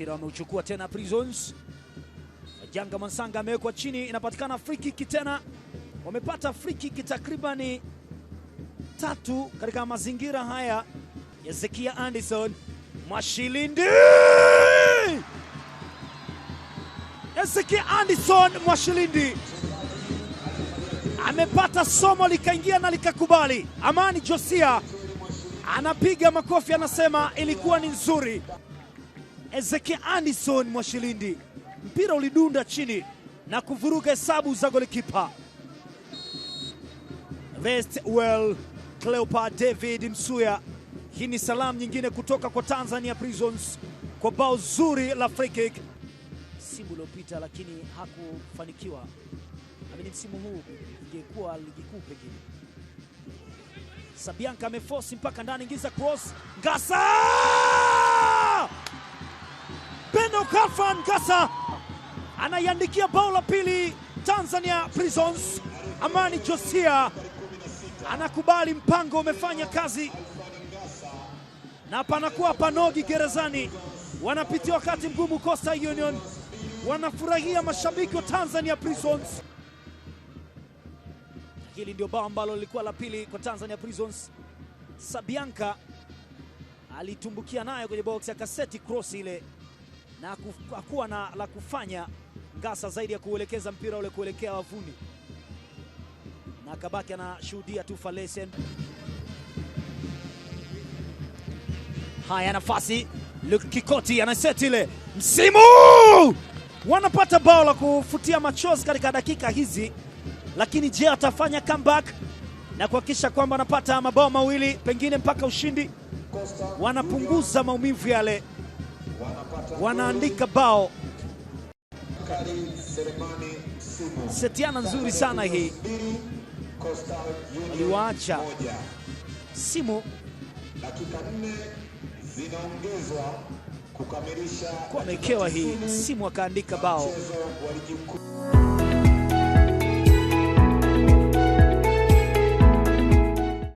mpira wameuchukua tena Prisons. Janga Mansanga amewekwa chini, inapatikana free kick tena. Wamepata free kick takribani tatu katika mazingira haya ya Zekia Anderson Mwashilindi. Ezekia Anderson Mwashilindi amepata somo likaingia na likakubali. Amani Josia anapiga makofi, anasema ilikuwa ni nzuri. Ezekiel Anderson Mwashilindi, mpira ulidunda chini na kuvuruga hesabu za golikipa well Cleopa David Msuya. Hii ni salamu nyingine kutoka kwa Tanzania Prisons kwa bao zuri la free kick msimu uliopita, lakini hakufanikiwa. Amini msimu huu ingekuwa ligi kuu pengine. Sabianka ameforce mpaka ndani, ingiza cross, Ngasa Khalfan Gasa anaiandikia bao la pili Tanzania Prisons. Amani Josia anakubali mpango umefanya kazi, na panakuwa panogi gerezani. Wanapitia wakati mgumu Coastal Union, wanafurahia mashabiki wa Tanzania Prisons. Hili ndio bao ambalo lilikuwa la pili kwa Tanzania Prisons. Sabianka alitumbukia nayo kwenye box ya kaseti cross ile na hakuwa na la kufanya Ngasa zaidi ya kuelekeza mpira ule kuelekea wavuni, na akabaki anashuhudia tu Falesen. Haya, nafasi Luke Kikoti anaseti ile, msimu wanapata bao la kufutia machozi katika dakika hizi, lakini je, atafanya comeback na kuhakikisha kwamba anapata mabao mawili pengine mpaka ushindi? Wanapunguza maumivu yale wanaandika bao. Setiana nzuri sana hii, aliwaacha simu dakika nne zinaongezwa kukamilisha, kwa mekewa hii simu akaandika bao.